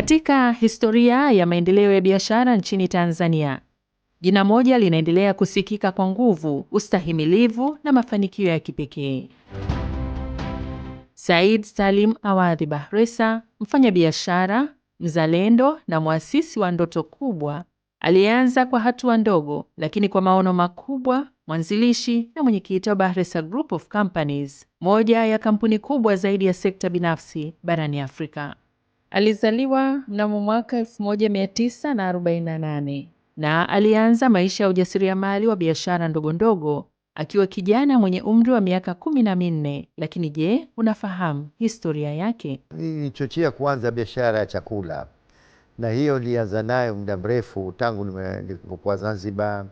Katika historia ya maendeleo ya biashara nchini Tanzania, jina moja linaendelea kusikika kwa nguvu, ustahimilivu na mafanikio ya kipekee. Said Salim Awadhi Bahresa, mfanyabiashara mzalendo na mwasisi wa ndoto kubwa, alianza kwa hatua ndogo lakini kwa maono makubwa, mwanzilishi na mwenyekiti wa Bahresa Group of Companies, moja ya kampuni kubwa zaidi ya sekta binafsi barani Afrika. Alizaliwa mnamo mwaka 1948 na alianza maisha ya ujasiriamali wa biashara ndogondogo akiwa kijana mwenye umri wa miaka kumi na minne. Lakini je, unafahamu historia yake? Nilichochea kuanza biashara ya chakula, na hiyo nilianza nayo muda mrefu tangu nilipokuwa Zanzibar,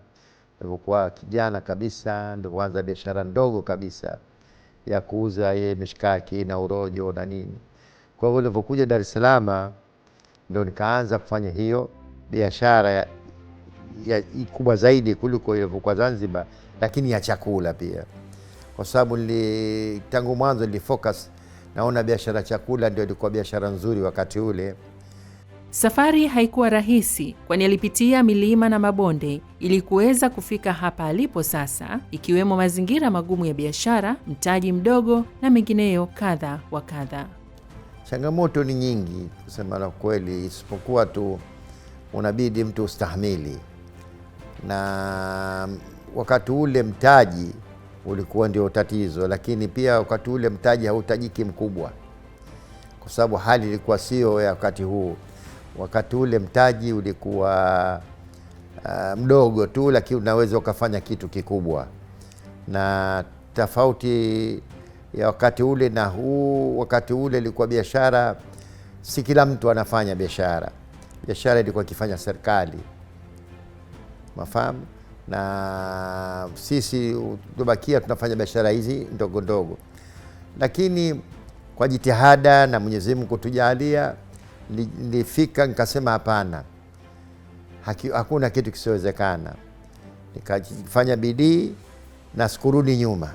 nilipokuwa kijana kabisa, ndo kuanza biashara ndogo kabisa ya kuuza ye mishikaki na urojo na nini kwa hiyo nilipokuja Dar es Salaam ndo nikaanza kufanya hiyo biashara ya, ya kubwa zaidi kuliko ilivyokuwa Zanzibar, lakini ya chakula pia, kwa sababu tangu mwanzo nilifocus, naona biashara chakula ndio ilikuwa biashara nzuri wakati ule. Safari haikuwa rahisi, kwani alipitia milima na mabonde ili kuweza kufika hapa alipo sasa, ikiwemo mazingira magumu ya biashara, mtaji mdogo na mengineyo kadha wa kadha. Changamoto ni nyingi kusema la kweli, isipokuwa tu unabidi mtu ustahimili, na wakati ule mtaji ulikuwa ndio tatizo, lakini pia wakati ule mtaji hautajiki mkubwa, kwa sababu hali ilikuwa sio ya wakati huu. Wakati ule mtaji ulikuwa uh, mdogo tu, lakini unaweza ukafanya kitu kikubwa na tofauti ya wakati ule na huu wakati ule ilikuwa biashara, si kila mtu anafanya biashara. Biashara ilikuwa ikifanya serikali, mafahamu. Na sisi tubakia tunafanya biashara hizi ndogo ndogo, lakini kwa jitihada na Mwenyezi Mungu kutujalia, nilifika nikasema, hapana, hakuna kitu kisiowezekana. Nikafanya bidii na sikurudi nyuma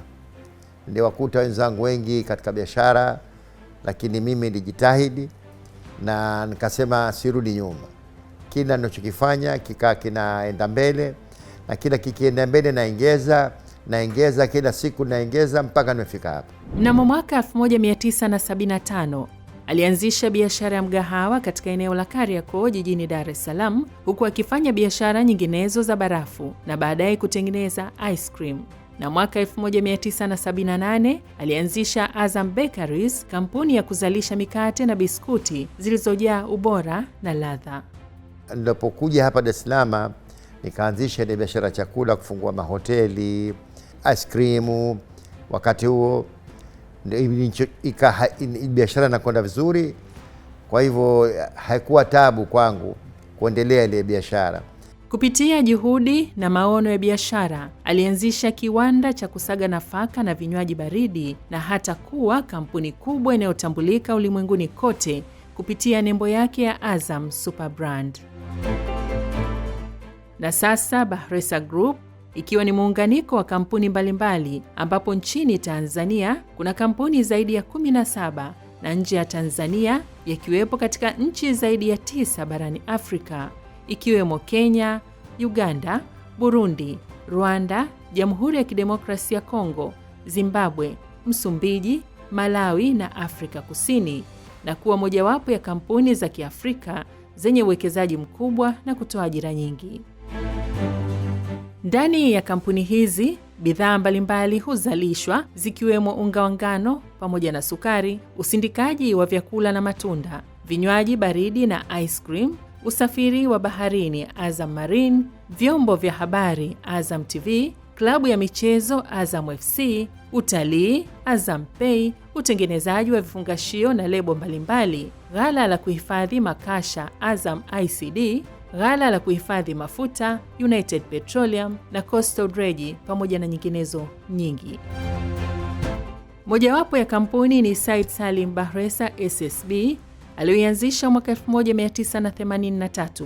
niliwakuta wenzangu wengi katika biashara, lakini mimi nilijitahidi na nikasema sirudi nyuma. Kila ninachokifanya kikaa kinaenda mbele, na kila kikienda mbele naengeza naengeza kila siku naengeza mpaka nimefika hapa. Mnamo mwaka 1975 alianzisha biashara ya mgahawa katika eneo la Kariakoo jijini Dar es Salaam, huku akifanya biashara nyinginezo za barafu na baadaye kutengeneza ice cream na mwaka 1978 alianzisha Azam Bakeries, kampuni ya kuzalisha mikate na biskuti zilizojaa ubora na ladha. Nilipokuja hapa Dar es Salaam nikaanzisha ile biashara ya chakula, kufungua mahoteli, ice cream. Wakati huo biashara inakwenda vizuri, kwa hivyo haikuwa tabu kwangu kuendelea ile biashara. Kupitia juhudi na maono ya biashara, alianzisha kiwanda cha kusaga nafaka na vinywaji baridi na hata kuwa kampuni kubwa inayotambulika ulimwenguni kote kupitia nembo yake ya Azam Super Brand. Na sasa Bahresa Group ikiwa ni muunganiko wa kampuni mbalimbali mbali, ambapo nchini Tanzania kuna kampuni zaidi ya 17 na nje ya Tanzania yakiwepo katika nchi zaidi ya tisa barani Afrika ikiwemo Kenya, Uganda, Burundi, Rwanda, Jamhuri ya Kidemokrasia ya Kongo, Zimbabwe, Msumbiji, Malawi na Afrika Kusini na kuwa mojawapo ya kampuni za Kiafrika zenye uwekezaji mkubwa na kutoa ajira nyingi. Ndani ya kampuni hizi bidhaa mbalimbali huzalishwa zikiwemo unga wa ngano pamoja na sukari, usindikaji wa vyakula na matunda, vinywaji baridi na ice cream, usafiri wa baharini Azam Marine, vyombo vya habari Azam TV, klabu ya michezo Azam FC, utalii Azam Pay, utengenezaji wa vifungashio na lebo mbalimbali, ghala la kuhifadhi makasha Azam ICD, ghala la kuhifadhi mafuta United Petroleum na Coastal Dredge pamoja na nyinginezo nyingi. Mojawapo ya kampuni ni Said Salim Bahresa SSB aliyoianzisha mwaka 1983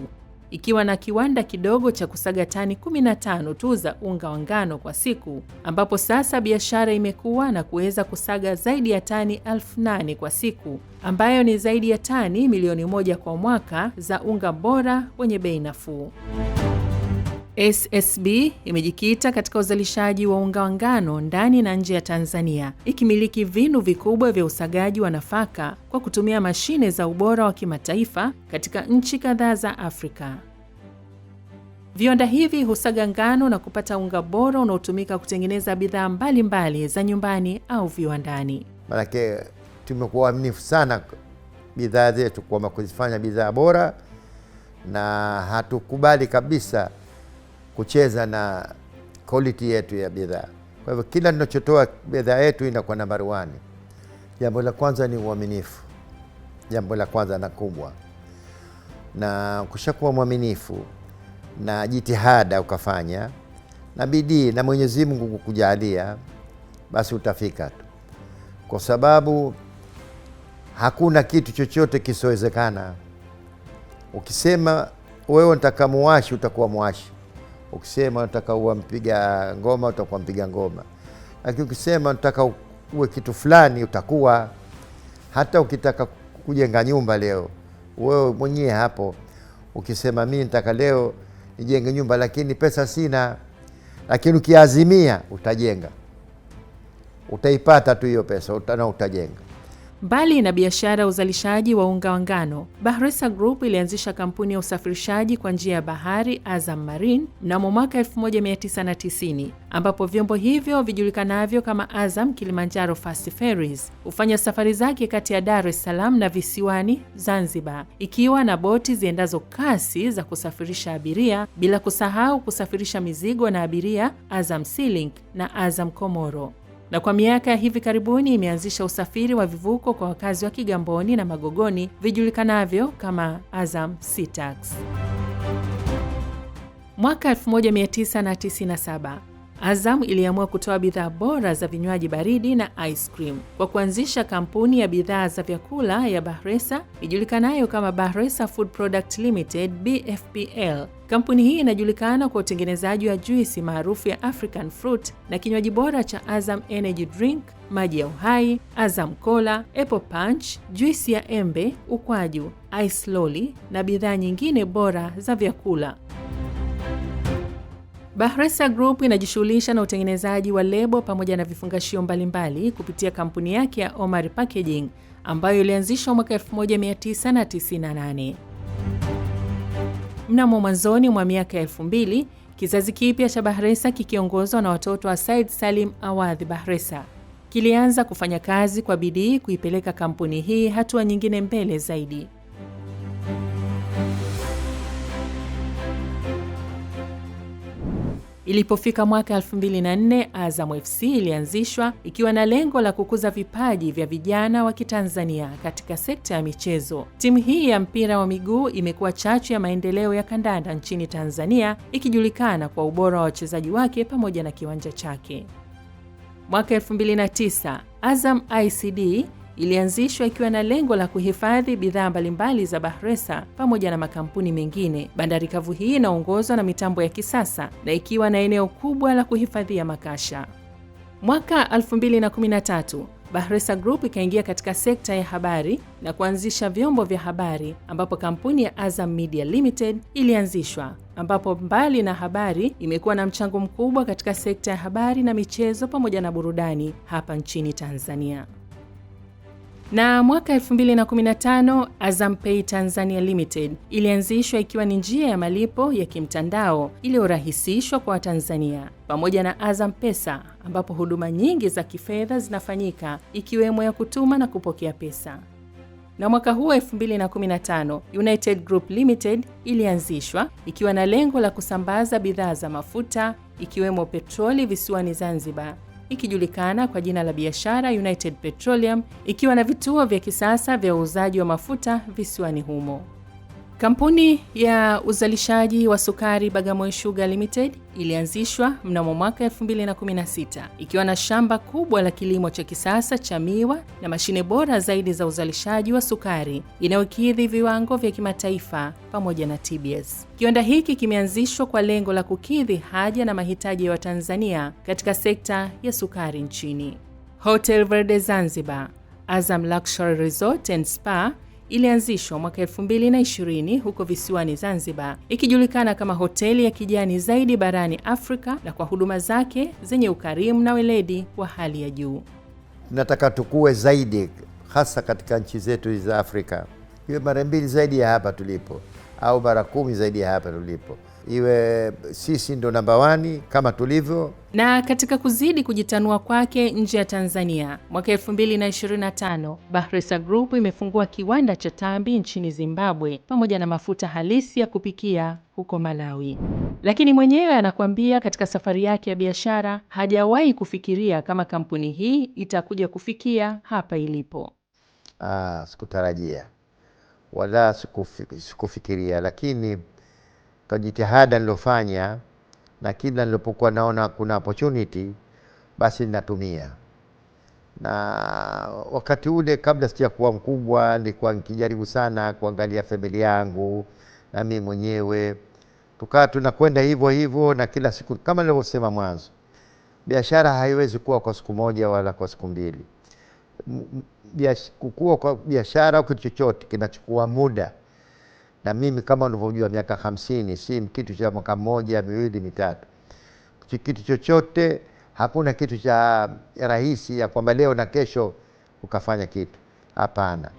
ikiwa na kiwanda kidogo cha kusaga tani 15 tu za unga wa ngano kwa siku, ambapo sasa biashara imekuwa na kuweza kusaga zaidi ya tani 8 kwa siku, ambayo ni zaidi ya tani milioni moja kwa mwaka za unga bora wenye bei nafuu. SSB imejikita katika uzalishaji wa unga wa ngano ndani na nje ya Tanzania, ikimiliki vinu vikubwa vya usagaji wa nafaka kwa kutumia mashine za ubora wa kimataifa katika nchi kadhaa za Afrika. Viwanda hivi husaga ngano na kupata unga bora unaotumika kutengeneza bidhaa mbalimbali za nyumbani au viwandani. Manake tumekuwa waaminifu sana bidhaa zetu, kwamba kuzifanya bidhaa bora na hatukubali kabisa kucheza na quality yetu ya bidhaa. Kwa hivyo kila tunachotoa bidhaa yetu inakuwa nambari wani. Jambo la kwanza ni uaminifu, jambo la kwanza na kubwa, na ukishakuwa mwaminifu na jitihada ukafanya na bidii na Mwenyezi Mungu kukujalia, basi utafika tu, kwa sababu hakuna kitu chochote kisowezekana. Ukisema wewe nitaka utakuwa mwashi. Ukisema unataka uwe mpiga ngoma utakuwa mpiga ngoma, lakini ukisema unataka uwe kitu fulani utakuwa. Hata ukitaka kujenga nyumba leo, wewe mwenyewe hapo ukisema mi nitaka leo nijenge nyumba, lakini pesa sina, lakini ukiazimia utajenga, utaipata tu hiyo pesa na utajenga. Mbali na biashara ya uzalishaji wa unga wa ngano, Bahresa Group ilianzisha kampuni ya usafirishaji kwa njia ya bahari Azam Marine mnamo mwaka 1990 ambapo vyombo hivyo vijulikanavyo kama Azam Kilimanjaro Fast Ferries hufanya safari zake kati ya Dar es Salaam na visiwani Zanzibar, ikiwa na boti ziendazo kasi za kusafirisha abiria, bila kusahau kusafirisha mizigo na abiria Azam Sealink na Azam Komoro na kwa miaka ya hivi karibuni imeanzisha usafiri wa vivuko kwa wakazi wa Kigamboni na Magogoni vijulikanavyo kama Azam Sea Mwaka 1997 Azam iliamua kutoa bidhaa bora za vinywaji baridi na ice cream kwa kuanzisha kampuni ya bidhaa za vyakula ya Bahresa ijulikanayo kama Bahresa Food Product Limited BFPL. Kampuni hii inajulikana kwa utengenezaji wa juisi maarufu ya African Fruit na kinywaji bora cha Azam Energy Drink, maji ya uhai, Azam Cola, Apple Punch, juisi ya embe, ukwaju, ice lolly na bidhaa nyingine bora za vyakula. Bahresa Group inajishughulisha na utengenezaji wa lebo pamoja na vifungashio mbalimbali kupitia kampuni yake ya Omar Packaging ambayo ilianzishwa mwaka 1998. Mnamo mwanzoni mwa miaka 2000, kizazi kipya cha Bahresa kikiongozwa na watoto wa Said Salim Awadhi Bahresa kilianza kufanya kazi kwa bidii kuipeleka kampuni hii hatua nyingine mbele zaidi. Ilipofika mwaka 2004 Azam FC ilianzishwa ikiwa na lengo la kukuza vipaji vya vijana wa Kitanzania katika sekta ya michezo. Timu hii ya mpira wa miguu imekuwa chachu ya maendeleo ya kandanda nchini Tanzania, ikijulikana kwa ubora wa wachezaji wake pamoja na kiwanja chake. Mwaka 2009 Azam ICD Ilianzishwa ikiwa na lengo la kuhifadhi bidhaa mbalimbali za Bahresa pamoja na makampuni mengine. Bandari kavu hii inaongozwa na mitambo ya kisasa na ikiwa na eneo kubwa la kuhifadhia makasha. Mwaka 2013 Bahresa Group ikaingia katika sekta ya habari na kuanzisha vyombo vya habari ambapo kampuni ya Azam Media Limited ilianzishwa ambapo mbali na habari imekuwa na mchango mkubwa katika sekta ya habari na michezo pamoja na burudani hapa nchini Tanzania. Na mwaka 2015 Azampay Tanzania Limited ilianzishwa ikiwa ni njia ya malipo ya kimtandao iliyorahisishwa kwa Watanzania pamoja na Azam Pesa ambapo huduma nyingi za kifedha zinafanyika ikiwemo ya kutuma na kupokea pesa. Na mwaka huo 2015 United Group Limited ilianzishwa ikiwa na lengo la kusambaza bidhaa za mafuta ikiwemo petroli visiwani Zanzibar ikijulikana kwa jina la biashara United Petroleum, ikiwa na vituo vya kisasa vya uuzaji wa mafuta visiwani humo. Kampuni ya uzalishaji wa sukari Bagamoyo Sugar Limited ilianzishwa mnamo mwaka 2016 ikiwa na shamba kubwa la kilimo cha kisasa cha miwa na mashine bora zaidi za uzalishaji wa sukari inayokidhi viwango vya kimataifa pamoja na TBS. Kiwanda hiki kimeanzishwa kwa lengo la kukidhi haja na mahitaji ya wa Watanzania katika sekta ya sukari nchini. Hotel Verde Zanzibar, Azam Luxury Resort and Spa ilianzishwa mwaka 2020 huko visiwani Zanzibar, ikijulikana kama hoteli ya kijani zaidi barani Afrika na kwa huduma zake zenye ukarimu na weledi wa hali ya juu. Nataka tukue zaidi, hasa katika nchi zetu za Afrika, iwe mara mbili zaidi ya hapa tulipo au mara kumi zaidi ya hapa tulipo iwe sisi ndo namba wani kama tulivyo. Na katika kuzidi kujitanua kwake nje ya Tanzania, mwaka 2025 Bahresa Group imefungua kiwanda cha tambi nchini Zimbabwe pamoja na mafuta halisi ya kupikia huko Malawi. Lakini mwenyewe anakuambia katika safari yake ya biashara hajawahi kufikiria kama kampuni hii itakuja kufikia hapa ilipo. Ah, sikutarajia wala sikufikiria, lakini kwa jitihada nilofanya na kila nilipokuwa naona kuna opportunity basi ninatumia. Na wakati ule kabla sijakuwa mkubwa, nilikuwa nikijaribu sana kuangalia familia yangu na mimi mwenyewe, tukawa tunakwenda hivyo hivyo, na kila siku kama nilivyosema mwanzo, biashara haiwezi kuwa kwa siku moja wala kwa siku mbili. Kukua kwa biashara au kitu chochote kinachukua muda na mimi kama unavyojua miaka hamsini si kitu cha mwaka mmoja miwili mitatu, kitu chochote. Hakuna kitu cha rahisi ya kwamba leo na kesho ukafanya kitu, hapana.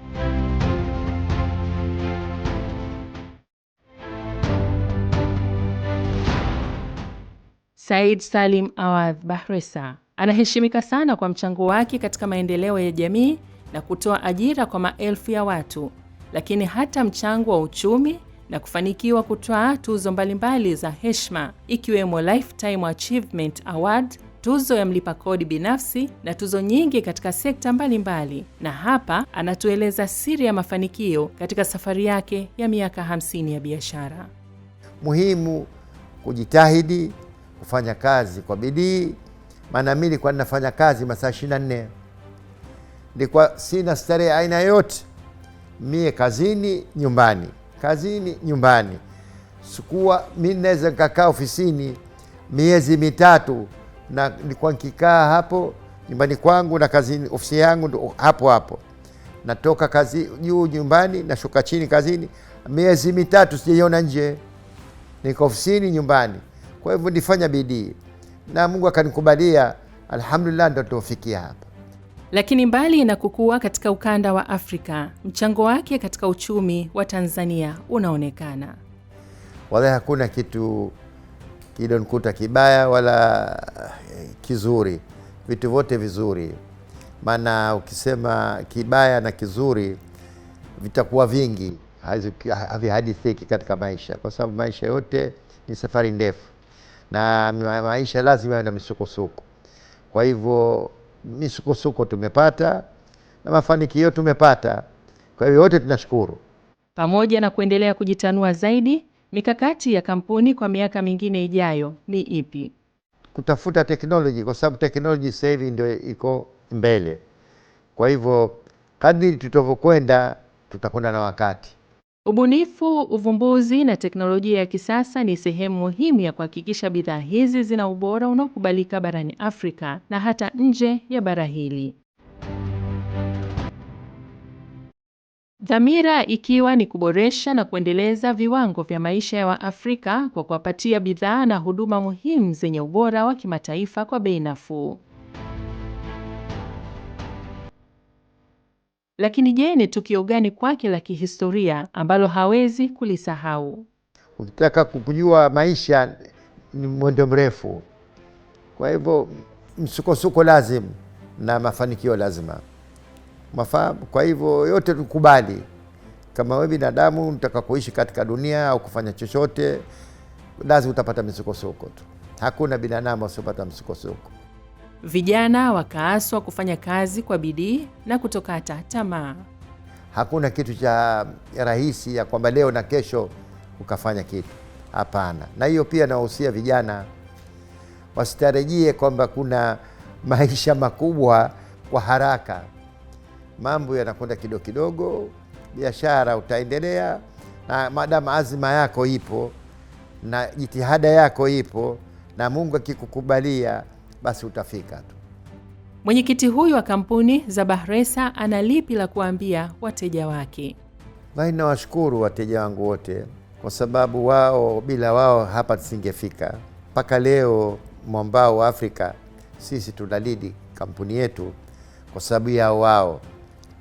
Said Salim Awadh Bahresa anaheshimika sana kwa mchango wake katika maendeleo ya jamii na kutoa ajira kwa maelfu ya watu lakini hata mchango wa uchumi na kufanikiwa kutwaa tuzo mbalimbali za heshima ikiwemo Lifetime Achievement Award, tuzo ya mlipa kodi binafsi na tuzo nyingi katika sekta mbalimbali mbali. Na hapa anatueleza siri ya mafanikio katika safari yake ya miaka 50 ya biashara. Muhimu kujitahidi kufanya kazi kwa bidii, maana mi nilikuwa ninafanya kazi masaa 24 nilikuwa sina starehe aina yote mie kazini, nyumbani, kazini, nyumbani. Sikuwa mi naweza nikakaa ofisini miezi mitatu, na nilikuwa nikikaa hapo nyumbani kwangu na kazini, ofisi yangu ndo hapo hapo. Natoka kazi juu nyumbani, nashuka chini kazini, miezi mitatu sijaiona nje, niko ofisini, nyumbani. Kwa hivyo nifanya bidii na Mungu akanikubalia, alhamdulillah, ndo tumefikia hapa. Lakini mbali na kukua katika ukanda wa Afrika, mchango wake katika uchumi wa Tanzania unaonekana. Wala hakuna kitu kidonkuta kibaya wala eh, kizuri, vitu vyote vizuri. Maana ukisema kibaya na kizuri vitakuwa vingi, havihadithiki katika maisha, kwa sababu maisha yote ni safari ndefu na maisha lazima yawe na misukosuko. Kwa hivyo misukosuko tumepata na mafanikio tumepata. Kwa hiyo wote tunashukuru. Pamoja na kuendelea kujitanua zaidi, mikakati ya kampuni kwa miaka mingine ijayo ni ipi? Kutafuta teknoloji, kwa sababu teknoloji sasa hivi ndio iko mbele. Kwa hivyo kadri tutavyokwenda tutakwenda na wakati. Ubunifu, uvumbuzi na teknolojia ya kisasa ni sehemu muhimu ya kuhakikisha bidhaa hizi zina ubora unaokubalika barani Afrika na hata nje ya bara hili. Dhamira ikiwa ni kuboresha na kuendeleza viwango vya maisha ya Waafrika kwa kuwapatia bidhaa na huduma muhimu zenye ubora wa kimataifa kwa bei nafuu. Lakini je, ni tukio gani kwake la kihistoria ambalo hawezi kulisahau? Ukitaka kujua maisha ni mwendo mrefu, kwa hivyo msukosuko lazima na mafanikio lazima mafahamu. Kwa hivyo yote tukubali, kama wewe binadamu unataka kuishi katika dunia au kufanya chochote, lazima utapata misukosuko tu. Hakuna binadamu asiopata msukosuko. Vijana wakaaswa kufanya kazi kwa bidii na kutokata tamaa. Hakuna kitu cha rahisi ya kwamba leo na kesho ukafanya kitu, hapana. Na hiyo pia nawahusia vijana wasitarajie kwamba kuna maisha makubwa kwa haraka. Mambo yanakwenda kidogo kidogo, biashara utaendelea, na madamu azima yako ipo na jitihada yako ipo na Mungu akikukubalia basi utafika tu. Mwenyekiti huyu wa kampuni za Bahresa ana lipi la kuambia wateja wake? Wallahi, nawashukuru wateja wangu wote kwa sababu wao, bila wao hapa tusingefika mpaka leo. Mwambao wa Afrika sisi tunalidi kampuni yetu kwa sababu yao wao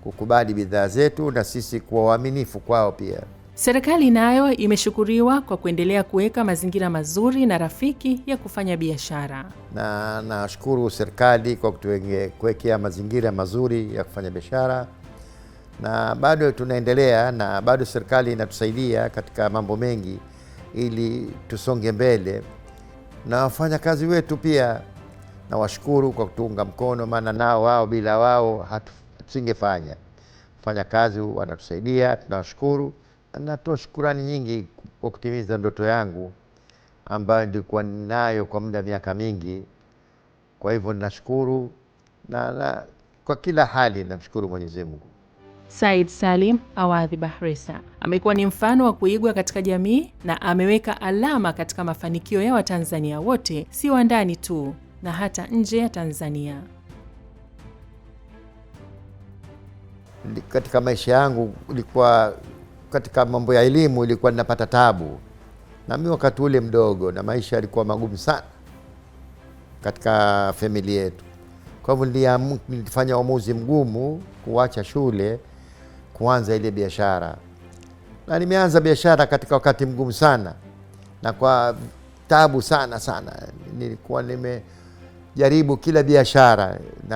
kukubali bidhaa zetu na sisi kuwa waaminifu kwao pia. Serikali nayo imeshukuriwa kwa kuendelea kuweka mazingira mazuri na rafiki ya kufanya biashara. Na nashukuru serikali kwa kutuwekea mazingira mazuri ya kufanya biashara, na bado tunaendelea, na bado serikali inatusaidia katika mambo mengi ili tusonge mbele, na wafanyakazi wetu pia nawashukuru kwa kutuunga mkono, maana nao wao, bila wao hatusingefanya. kazi wanatusaidia, tunawashukuru natoa shukurani nyingi kwa kutimiza ndoto yangu ambayo nilikuwa ninayo kwa muda miaka mingi. Kwa hivyo ninashukuru na, na kwa kila hali namshukuru Mwenyezi Mungu. Said Salim Awadhi Bahresa amekuwa ni mfano wa kuigwa katika jamii na ameweka alama katika mafanikio ya Watanzania wote, si wa ndani tu na hata nje ya Tanzania. Katika maisha yangu ilikuwa katika mambo ya elimu ilikuwa ninapata tabu, na mimi wakati ule mdogo, na maisha yalikuwa magumu sana katika famili yetu. Kwa hivyo nilifanya uamuzi mgumu kuacha shule, kuanza ile biashara, na nimeanza biashara katika wakati mgumu sana na kwa tabu sana sana. Nilikuwa nimejaribu kila biashara, na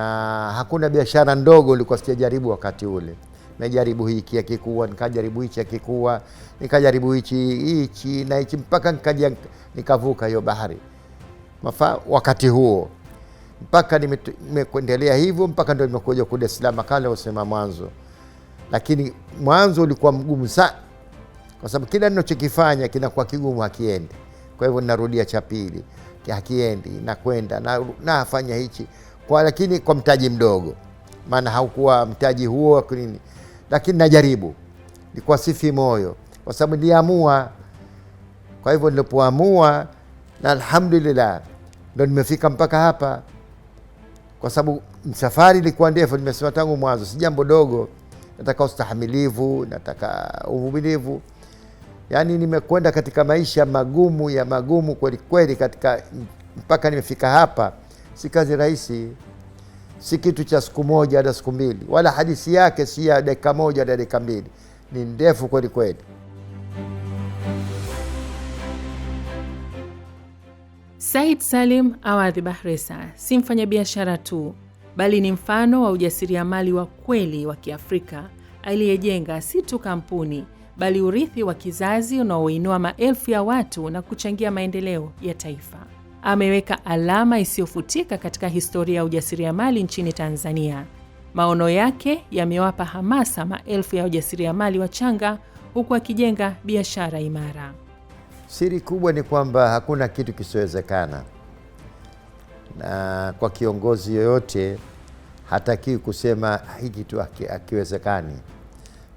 hakuna biashara ndogo nilikuwa sijajaribu wakati ule najaribu hiki akikuwa, nikajaribu hichi akikuwa, nikajaribu hichi hichi na hichi mpaka nikaja nikavuka hiyo bahari Mafa, wakati huo mpaka nimekuendelea hivyo mpaka ndio nimekuja ku Dar es Salaam kale usema mwanzo, lakini mwanzo ulikuwa mgumu sana, kwa sababu kila ninachokifanya kinakuwa kigumu, hakiendi. Kwa hivyo ninarudia cha pili, hakiendi, nakwenda na nafanya hichi kwa, lakini kwa mtaji mdogo, maana haukuwa mtaji huo kwa nini lakini najaribu nikuwa sifi moyo, kwa sababu niliamua. Kwa hivyo nilipoamua, na alhamdulillah ndo nimefika mpaka hapa, kwa sababu msafari ilikuwa ndefu. Nimesema tangu mwanzo, si jambo dogo, nataka ustahamilivu, nataka uvumilivu. Yaani nimekwenda katika maisha magumu ya magumu kweli kweli, katika mpaka nimefika hapa, si kazi rahisi si kitu cha siku moja hata siku mbili, wala hadithi yake si ya dakika moja hata dakika mbili, ni ndefu kweli kweli. Said Salim Awadhi Bahresa si mfanyabiashara tu, bali ni mfano wa ujasiriamali wa kweli wa Kiafrika aliyejenga si tu kampuni bali urithi wa kizazi unaoinua maelfu ya watu na kuchangia maendeleo ya taifa ameweka alama isiyofutika katika historia ya ujasiriamali nchini Tanzania. Maono yake yamewapa hamasa maelfu ya wajasiriamali wachanga huku akijenga biashara imara. Siri kubwa ni kwamba hakuna kitu kisichowezekana, na kwa kiongozi yoyote hatakiwi kusema hiki tu hakiwezekani.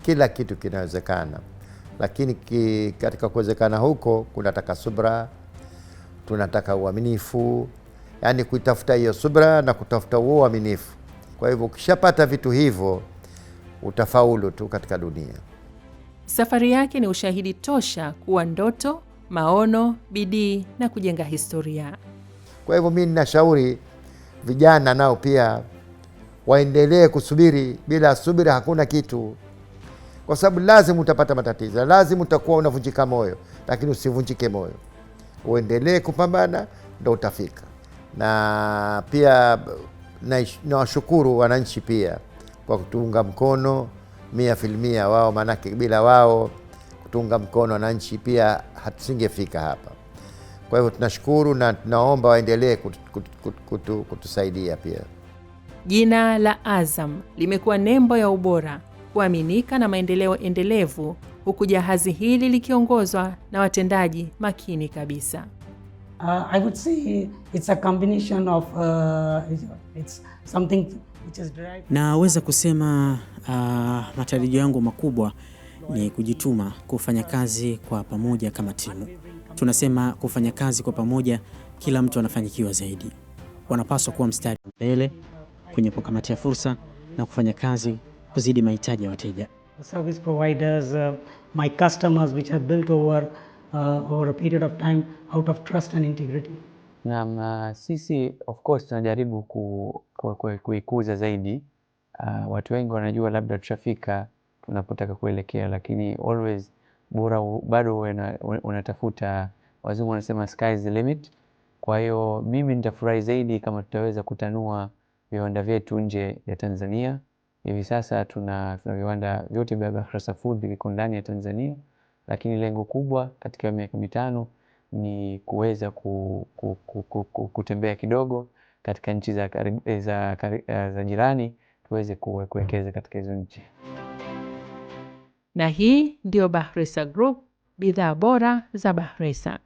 Kila kitu kinawezekana, lakini katika kuwezekana huko kunataka subra tunataka uaminifu, yaani kuitafuta hiyo subra na kutafuta huo uaminifu. Kwa hivyo ukishapata vitu hivyo utafaulu tu katika dunia. Safari yake ni ushahidi tosha kuwa ndoto, maono, bidii na kujenga historia. Kwa hivyo mi ninashauri vijana nao pia waendelee kusubiri. Bila subira hakuna kitu, kwa sababu lazima utapata matatizo, lazima utakuwa unavunjika moyo, lakini usivunjike moyo uendelee kupambana ndo utafika. Na pia nawashukuru na wananchi pia kwa kutuunga mkono mia filmia wao, maanake bila wao kutuunga mkono wananchi pia hatusingefika hapa. Kwa hivyo tunashukuru na tunaomba waendelee kutu, kutu, kutu, kutu, kutusaidia pia. Jina la Azam limekuwa nembo ya ubora, kuaminika na maendeleo endelevu huku jahazi hili likiongozwa na watendaji makini kabisa. Uh, I would say it's a combination of uh, it's something which is derived... Naweza kusema uh, matarajio yangu makubwa ni kujituma, kufanya kazi kwa pamoja kama timu. Tunasema kufanya kazi kwa pamoja, kila mtu anafanyikiwa zaidi. Wanapaswa kuwa mstari mbele kwenye kukamatia fursa na kufanya kazi kuzidi mahitaji ya wateja service providers, uh, my customers, which are built over uh, over a period of time out of trust and integrity. Na uh, sisi of course tunajaribu ku, ku, ku, kuikuza zaidi. Uh, watu wengi wanajua labda tushafika tunapotaka kuelekea, lakini always bora bado unatafuta, wazungu wanasema sky is the limit. Kwa hiyo mimi nitafurahi zaidi kama tutaweza kutanua viwanda vyetu nje ya Tanzania. Hivi sasa tuna viwanda vyote vya Bakrasa Food viko ndani ya Tanzania, lakini lengo kubwa katika miaka mitano ni kuweza ku, ku, ku, ku, ku, kutembea kidogo katika nchi za, eh, za, za, eh, za jirani tuweze kuwekeza katika hizo nchi. Na hii ndio Bahresa Group, bidhaa bora za Bahresa.